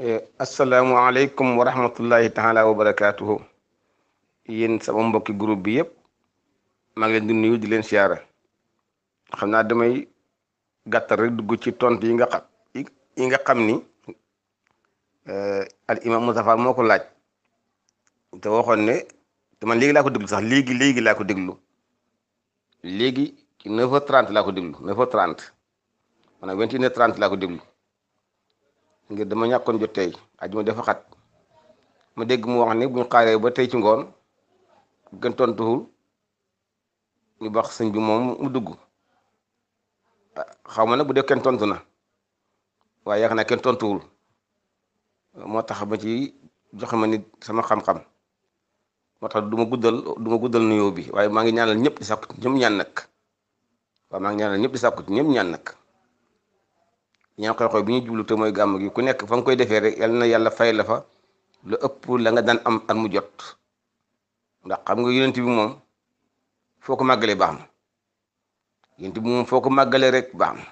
Eh, asalaamualeykum wa rahmatullahi taala wa barakaatuhu yéen sama mbokki groupe bi yëpp maa ngi leen di nuyu di leen siyaara xam naa damay gàttal rek dugg ci tont yi nga xam yi nga xam ni eh, al imam Moustapha moo ko laaj te waxoon ne te man léegi laa ko déglu sax léegi léegi laa ko déglu léegi ci 9h30 laa ko déglu 9h30 maanaam 21h30 laa ko déglu. ngir dama ñàkkoon jot tey ajuma dafa xat ma dégg mu wax ne bu ñu xaaree ba tey ci ngoon gën tontuwul ñu bax sëñ bi moom mu dugg xaw ma nag bu dee kenn tontu na waaye yaakaar naa kenn tontuwul moo tax ba ci joxe ma nit sama xam-xam moo tax du ma guddal du ma guddal nuyoo bi waaye maa ngi ñaanal ñëpp di sàkku ñaan nag waaw maa ngi ñëpp di sàkku ñaan nag ñaan xew-xew bi ñuy jublu te mooy gàmm gi ku nekk fa koy defee rek yal na fay la fa lu ëpp la nga daan am at mu jot ndax xam nga yonent bi moom foo ko màggalee baax na yonent bi moom foo ko màggalee rek baax na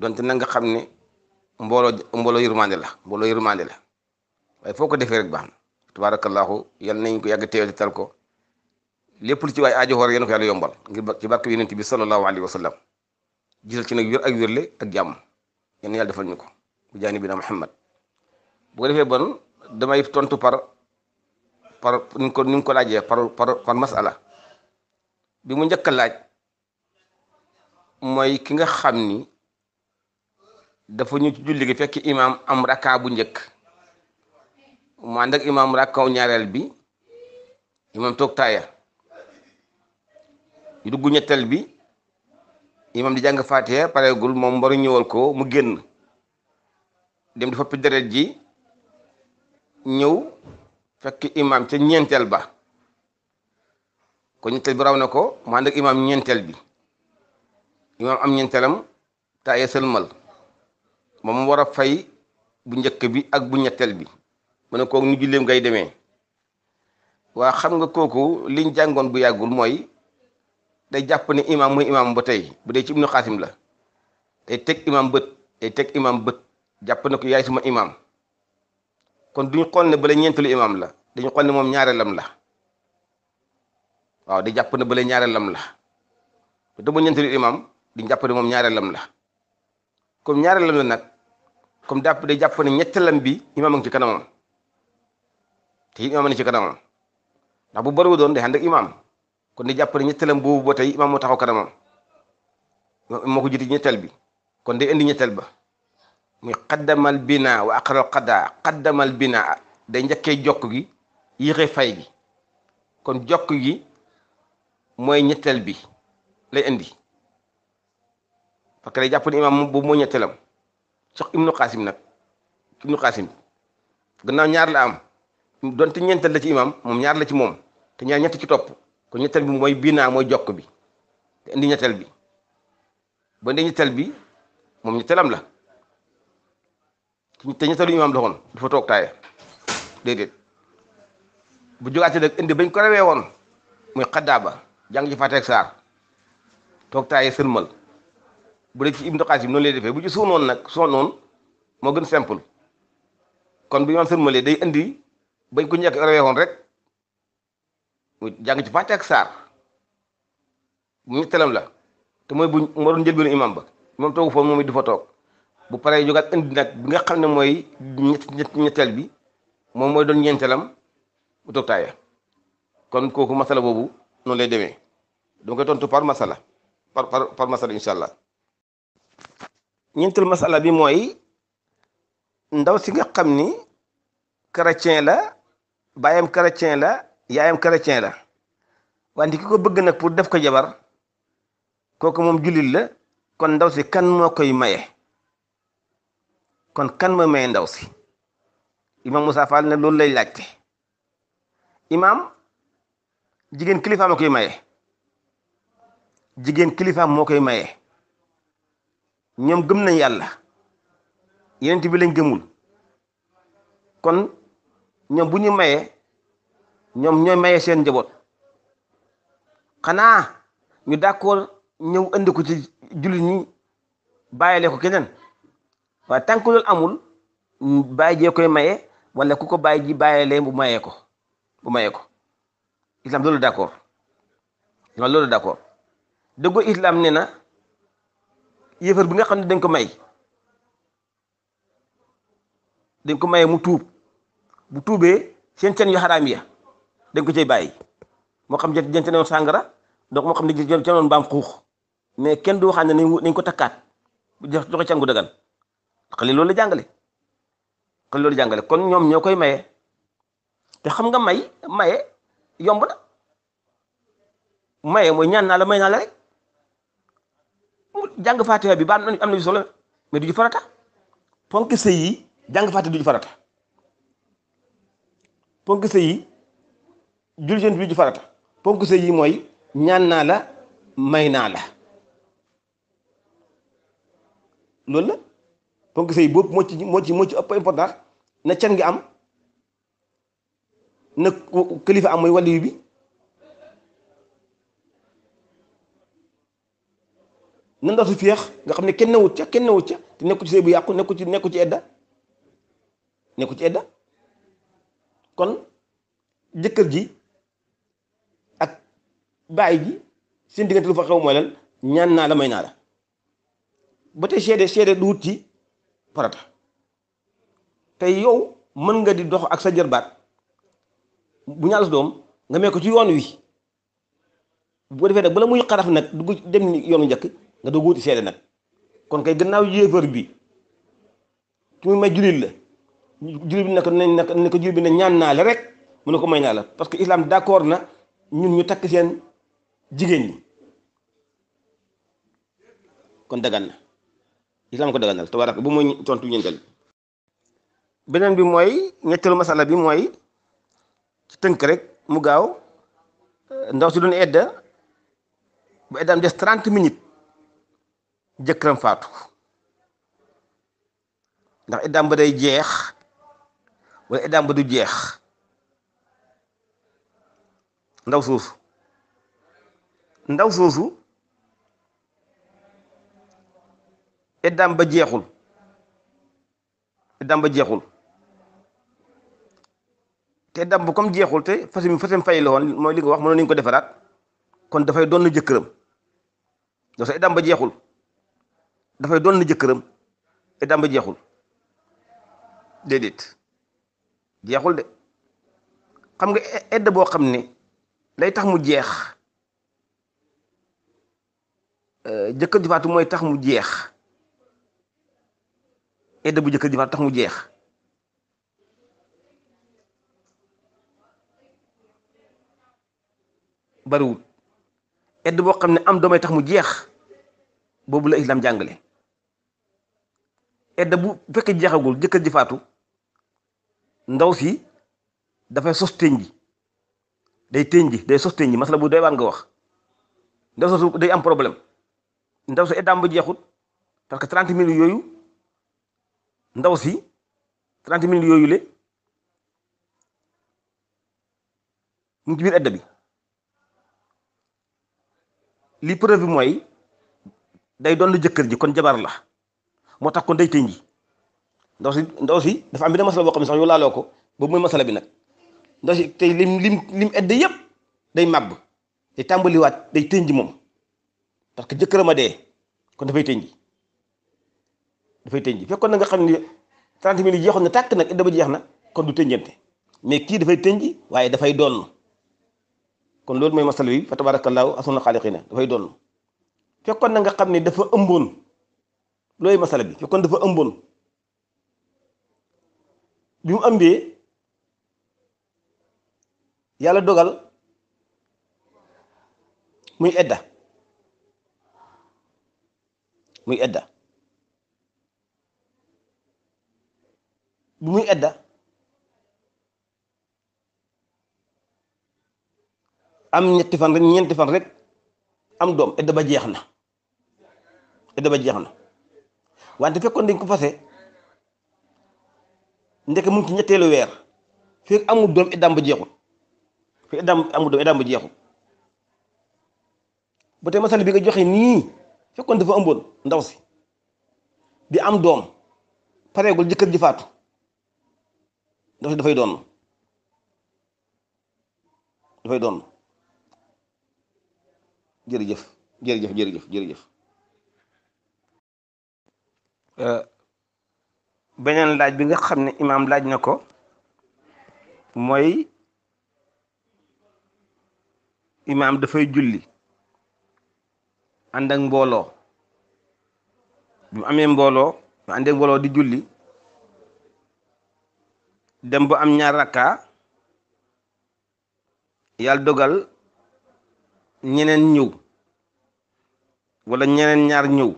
donte na nga xam ne mbooloo mbooloo yërmande la mbooloo yërmande la waaye foo ko defee rek baax na tabaarakallaahu yal nañ ko yàgg teewal tal ko lépp lu ci waay aajo xoor yéen ko yàlla yombal ngir ci barke yonent bi sallallahu alayhi wa sallam gisal ci nag wér ak wérle ak jàmm yéen yàlla defal ñu ko jaani bi na Muhammad bu ko defee bon damay tontu par par ni ko ni ko laajee par par par masala bi mu njëkk laaj mooy ki nga xam ni dafa ñu ci julli fekk imaam am rakka bu njëkk mu ànd ak imaam rakkaw ñaareel bi imaam toog taaya ñu dugg ñetteel bi imam di jàng Faatiha pareegul moom mbaru ñëwal ko mu génn dem di foppi deret ji ñëw fekk imam ca ñeenteel ba ko ñeenteel bi raw na ko mu ànd ak imam ñeenteel bi imam am ñeenteelam taaye sëlmal moom war a fay bu njëkk bi ak bu ñetteel bi mu ne kook nu julleem ngay demee waa xam nga kooku liñ jàngoon bu yàggul mooy day jàpp ne imaam muy imaam ba tey bu dee ci ibnu xaasim la day teg imaam bët day teg imaam bët jàpp ne ko yaay suma imaam kon duñu xool ne bale ñeenteelu imam la dañu xool ne moom lam la waaw day jàpp ne bale lam la bu dee mu ñeenteelu di jàpp moom moom lam la comme lam la nag comme dàpp day jàpp ne ñetteelam bi imaam a ngi ci kanamam te imaam a ngi ci kanamam ndax bu bariwul doon day ànd ak kon di jàpp ne ñetteelam boobu ba tey imaam moo taxaw kanamam moo ko jiiti ñetteel bi kon de indi ñetteel ba muy xaddamal bina wa aqaral xaddaa xaddamal bina day njëkkee jokk gi yéexee fay gi kon jokk gi mooy ñetteel bi lay indi par que day jàpp ne imaam boobu mooy ñetteelam sax ibnu xaasim nag ibnu xaasim gannaaw ñaar la am donte ñeenteel la ci imaam moom ñaar la ci moom te ñaar ñett ci topp kon ñetteel bi mooy binaa mooy jokk bi te indi ñetteel bi ba indi ñetteel bi moom ñetteelam la te ñetteelu imaam la woon dafa toog taaya déedéet bu jógaatee nag indi bañ ko rawee woon muy xaddaaba jàng ci fàtteeg saar toog taaya sërmal bu dee ci ibnu xaasim noonu lay defee bu ci suu nag suu noonu moo gën simple kon bu imaam sërmalee day indi bañ ko ñekk rawee woon rek mu jàng ci fàtte ak saar ñu telam la te mooy bu moo doon njëlbeenu imam ba imam toogu foofu moom it du fa toog bu paree jógaat indi nag bi nga xam ne mooy ñett ñetteel bi moom mooy doon ñeenteelam bu toog taaye kon kooku masala boobu noonu lay demee dama koy tontu par masala par par par masala incha allah ñeenteel masala bi mooy ndaw si nga xam ni chrétien la baayam chrétien la yaayam chrétien la wante ki ko bëgg nag pour def ko jabar kooku moom jullit la kon ndaw si kan moo koy maye kon kan mooy maye ndaw si imam musa Fall ne loolu lay laajte imam jigéen kilifaam moo koy maye jigéen kilifaam moo koy maye ñoom gëm nañ yàlla yeneen bi lañ gëmul kon ñoom bu ñu mayee ñoom ñooy maye seen njaboot xanaa ñu d'accord ñëw indi ko ci jullit ñi bàyyile ko keneen waa tant que loolu amul bàyyi koy maye wala ku ko bàyyi ji bàyyile bu mayee ko bu mayee ko islam loolu d'accord islam loolu d'accord dëggo islam nee na yéefar bi nga xam ne dañ ko may dañ ko maye mu tuub bu tuubee seen seen yu xaraam yi dañ ko cay bàyyi moo xam jant jant ne woon sàngara donc moo xam ne jant ca noonu mbaam xuux mais kenn du waxaan ne nañ ko takkaat joxe cangu dagan xale loolu la jàngale loolu jàngale kon ñoom ñoo koy maye te xam nga may maye yomb na maye mooy ñaan naa la may naa la rek jàng faatiha bi ba am na bi solo mais du ju farata ponk sëy yi jàng faatiha du ju farata ponk sëy yi jul bi ju farata ponk sëy yi mooy ñaan naa la may naa la loolu la ponk sëy boobu moo ci moo ci moo ci ëpp important na can ngi am na kilifa am mooy waliyu bi na ndatu féex nga xam ne kenn newut ca kenn newut ca te nekku ci sëy bu yàqu nekku ci nekku ci edda nekku ci edda kon jëkkër ji baay ji seen diggante lu fa xew mooy lan ñaan naa la may naa la ba tey seede seede du wut ci farata tey yow mën nga di dox ak sa jërbaat bu ñaalas doom nga mee ko ci yoon wi bu defee nag bala muy xaraf nag duggu dem yoonu njëkk nga doog wuti seede nag kon kay gannaaw yéefar bi su muy may jullit la jullit bi nag nañ ne ko jullit bi ne ñaan naa la rek mu ne ko may naa la parce que islam d'accord na ñun ñu takk seen jigéen ñi kon dagan na islam ko daganal tabarak bu mooy tontu ñeenteel beneen bi mooy ñetteelu masala bi mooy ci tënk rek mu gaaw euh, ndaw si doon edda bu eddaam des trente minutes jëkkëram faatu ndax eddaam ba day jeex wala eddaam ba du jeex ndaw suuf ndaw soosu eddaam ba jeexul eddaam ba jeexul te eddaam ba comme jeexul te fasim fasim fay la mooy li nga wax mënoon nañu ko defaraat kon dafay doon na jëkkëram doo sax jeexul dafay doon na jëkkëram eddaam ba jeexul déedéet jeexul de xam nga e-, edd boo xam ne lay tax mu jeex Euh, jëkkër ji faatu mooy tax mu jeex edda bu jëkkër ji faatu tax mu jeex bariwul edd boo xam ne am doomay tax mu jeex boobu la islam jàngale edd bu fekkee jeexagul jëkkër ji faatu ndaw si dafay sos téñ ji day téñ day sos téñ ji bu doy waan nga wax ndaw sos day am problème ndaw si eddaam ba jeexut parce que 30 mille yooyu ndaw si 30 mille yooyu le mu ngi edda bi li preuve bi mooy day doon jëkkër ji kon jabar moo tax kon day tëñ ji ndaw si ndaw si dafa am benn masala boo xam ne sax laaloo ko boobu mooy masala bi nag ndaw si tey lim lim edda yëpp day màbb day tàmbaliwaat day tëñ moom. parce que jëkkëram a dee kon dafay tënji dafay tënji fekkoon na nga xam ne 30 mille yi jeexoon na tàkk nag idda ba jeex na kon du tënjante mais kii dafay tënj waaye dafay doon kon loolu mooy masal bi fa tabaarakallaahu ahsanul xaaliqiina dafay doon na nga xam ni dafa ëmboon looy masala bi fekkoon dafa ëmboon bi mu ëmbee yàlla dogal muy edda muy edda bu muy edda am ñetti fan rek ñeenti fan rek am doom edda ba jeex na edda ba jeex na wante fekkoon dañ ko fase ndeke mu ngi ci ñetteelu weer fekk amul doom eddaam ba jeexul fekk eddaam amul doom eddaam ba jeexul bu tey masal bi nga joxe nii fekkoon dafa ëmboon ndaw si di am doom pareegul jëkkër ji faatu ndaw si dafay doon dafay doon jërëjëf jërëjëf jërëjëf jërëjëf euh, beneen laaj bi nga xam ne imaam laaj na ko mooy imaam dafay julli ànd ak mbooloo bu amee mbooloo mu ànd ak di julli dem ba am ñaar rakka yàlla dogal ñeneen ñëw wala ñeneen ñaar ñëw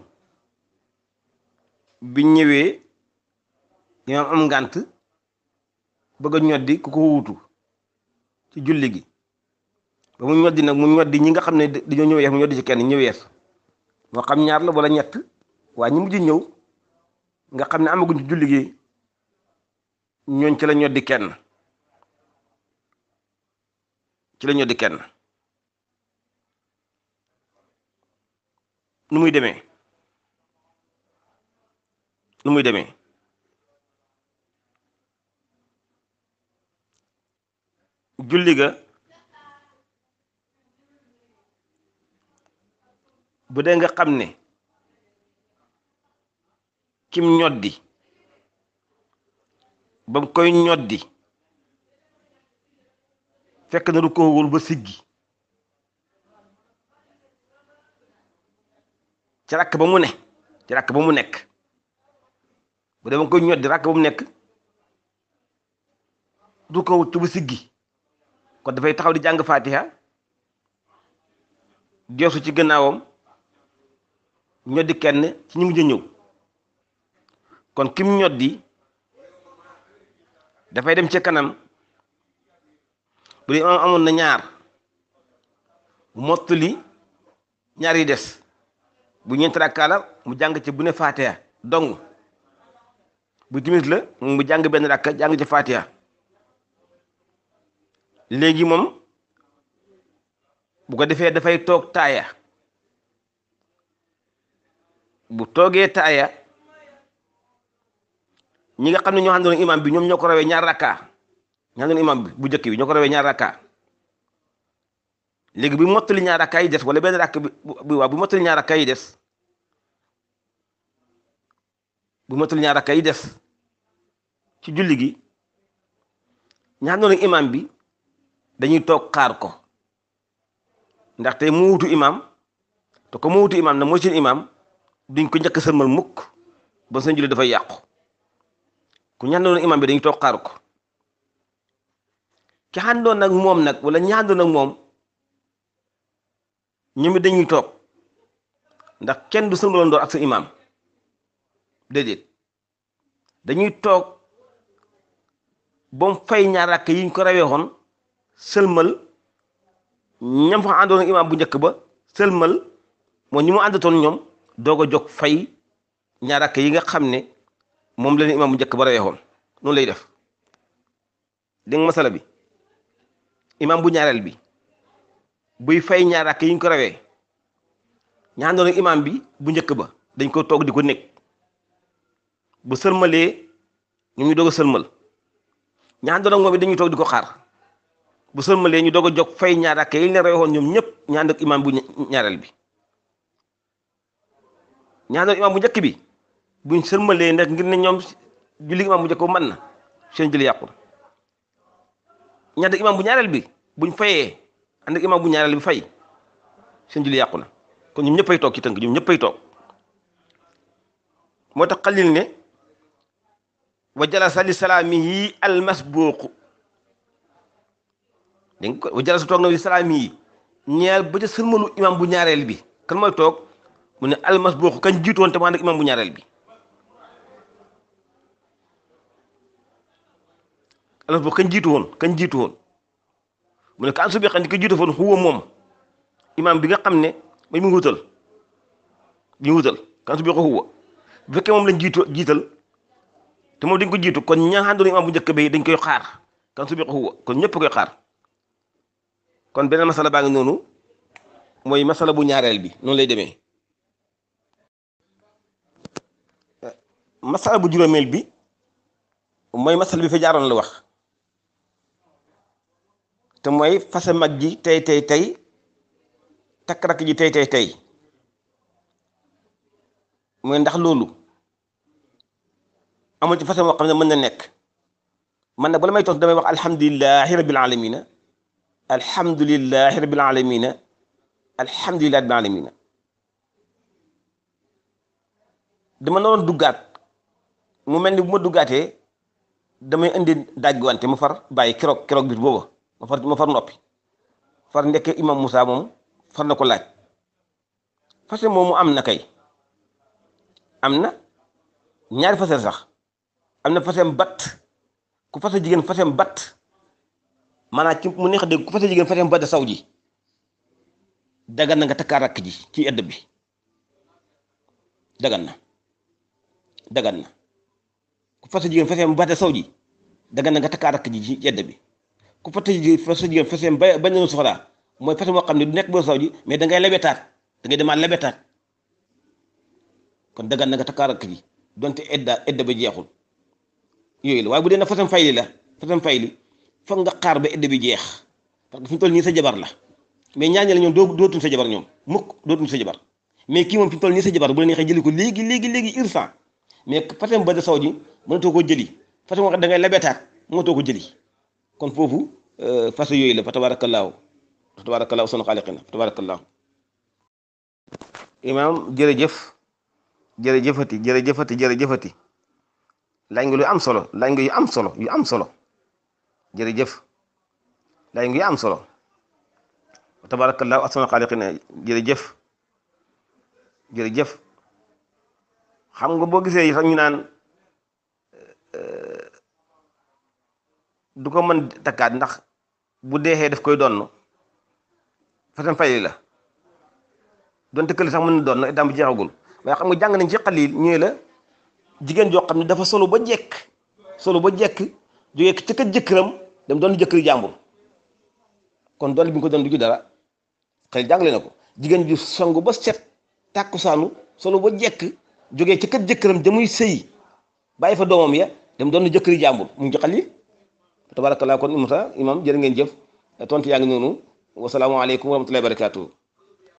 bi ñëwee ñoom am ngànt bëgg a ñoddi ku ko wuutu ci julli gi ba mu ñoddi nag mu ñoddi ñi nga xam ne dañoo ñëwee mu ñoddi ci kenn ñëwees moo xam ñaar la wala ñett waa ñi mujj ñëw nga xam ne amaguñ ci julli gi ñooñ ci la ñoddi kenn ci la ñoddi kenn nu muy demee nu muy demee julli ga bu dee nga xam ne kim ñoddi ba mu koy ñoddi fekk na du ko ba siggi ci rakk ba mu ne ci rakk ba mu nekk bu dee ba mu koy ñoddi rakk ba mu nekk du ko wut ba siggi kon dafay taxaw di jàng faatiha joosu ci gannaawam ñoddi kenn ci ñu mujj ñëw kon kim ñoddi dafay dem ci kanam bu dee amoon na ñaar mu mottali ñaari des bu ñeenti rakkaa la mu jàng ci bu ne Fatiha dong bu timis la mu jàng benn rakka jàng ci Fatiha léegi moom bu ko defee dafay toog taaya bu toogee taaya ñi nga xam ne ñoo àndoon imam bi ñoom ñoo ko rawee ñaar rakka ñoo àndoon imam bi bu njëkk bi ñoo ko rawee ñaar rakka léegi bu mottali ñaar rakka yi des wala benn rakk bi bu waaw bu mottali ñaar rakka yi des bu mottali ñaar yi des ci julli gi ñi àndoon imam bi dañuy toog kaar ko ndaxte mu wutu imam te ko mu wutu imam na mooy imam duñ ko njëkk sërmal mukk ba seen dafa yàqu ku ñàndoon imam bi dañuy toog xaar ko ki nag moom nag wala ñi nag moom ñoom dañuy toog ndax kenn du sërmaloon door ak sa imam déedéet dañuy toog ba fay ñaar rakk yiñ ko rawee xoon sëlmal ñam fa àndoon ak bu njëkk ba sëlmal moo ñi mu àndatoon ñoom doog a jog fay ñaar rakk yi nga xam ne moom la ne imaam bu njëkk ba reyoon noonu lay def dégg nga masala bi imaam bu ñaareel bi buy fay ñaar rakk yi ñu ko rawee ñaan doon imaam bi bu njëkk ba dañ ko toog di ko nekk bu sëlmalee ñu ngi doog a sëlmal ñaan doon moom bi dañuy toog di ko xaar bu sëlmalee ñu doog a jóg fay ñaar rakk yi ñu la reyoon ñoom ñëpp ñaan ak imaam bu ñaareel bi ñaanal imaam bu njëkk bi buñ sërmalee nag ngir ne ñoom julli imaam bu njëkk bu mën na seen julli yàqu ñaanal imaam bu ñaareel bi buñ fayee ànd imaam bu ñaareel bi fay seen julli yàqu na kon ñoom ñëppay toog ci tënk ñoom ñëppay toog moo tax xalil ne wa sa li salaamihi almasbuuqu dégg nga wa jalasa toog na li salaamihi ñeel ba ca sërmalu imaam bu ñaareel bi kan mooy toog mu ne almasbuuq kañ jiitoon te maa nekk imam bu ñaareel bi almasbuuq kañ jiitu woon kañ jiitu mu ne kaan su bi xam ne ko jiitu xuwa moom imam bi nga xam ne mooy mu ngi wutal bi mu wutal kaan su ko xuwa bu fekkee moom lañ jiitu jiital te moom dañ ko jiitu kon ñaaxandoon imam bu njëkk bi dañ koy xaar kaan su ko xuwa kon ñépp koy xaar kon beneen masala baa ngi noonu mooy masala bu ñaareel bi noonu lay demee masala bu juróomeel bi mooy masala bi fi jaaroon la wax te mooy fase mag ji tey tey tey takk rakk ji tey tey tey ndax loolu amul ci fase moo xam ne mën na nekk man na bala may tontu damay wax alhamdulilahi rabil alamina alhamdulilahi rabil alamina alhamdulilahi rabil alamina duggaat mu mel ni bu ma duggaatee damay indi daaj mu far bàyyi keroog keroog biir booba ma far ma far noppi far ndekkee imam Moussa moom far na ko laaj fasel moomu am na kay am na ñaari fasel sax am na fasem batt ku fase jigéen fasem batt maanaam ki mu neex dégg ku fase jigéen fasem batt saw ji dagan na nga takkaa rakk ji ci ëdd bi dagan na dagan na fas jigéen feseem ba te saw ji daga na nga takkaa rakk ji ci yedd bi ku fas jigéen fas jigéen feseem ba bañ na soxlaa mooy fas moo xam ne du nekk boo saw mais dangay ngay lebetaat da ngay demaat lebetaat kon daga na nga takkaa rakk ji donte edda edda ba jeexul yooyu la waaye bu dee na fasam fayli la fasam fayli foog nga xaar ba edda bi jeex parce que fi mu toll nii sa jabar la mais ñaañe la ñoom doo dootuñ sa jabar ñoom mukk dootuñ sa jabar mais kii moom fi toll nii sa jabar bu la neexee ko léegi léegi léegi irsan mais patin ba da saw ji mënatoo ko jëli façon wax da ngay lebetaat mënatoo ko jëli kon foofu euh, façon yooyu la fa tabaarakallaahu fa tabaarakallaahu sunu xaaliqina fa tabaarakallaahu imaam jërëjëf jërëjëfati jërëjëfati jërëjëfati laaj nga lu am solo laaj nga yu am solo yu am solo jërëjëf laaj ngi yu am solo fa tabaarakallaahu sunu xaaliqina jërëjëf jërëjëf xam nga boo gisee sax ñu naan euh, euh, du ko mën takkaat ndax bu deexee daf koy donn façon fay la donte kële sax mën na doon itam bu jeexagul waaye xam nga jàng nañ ci xalil ñëwee la jigéen joo xam ne dafa solo ba jekk solo ba jekk jógee ci kër jëkkëram dem doon jëkkër jàmbur kon doon bi nga ko doon du ju dara xel jàngale na ko jigéen ju sangu ba set tàkkusaanu solo ba jekk jógee ci kër jëkkëram damuy sëy bàyyi fa doomam ya dem doon na jëkkëri jàmbur mu ngi ci xal yi tabarakallah kon imata imam jërë ngeen jëf tontu yaa ngi noonu wasalaamualeykum wa rahmatullahi wa barakatuh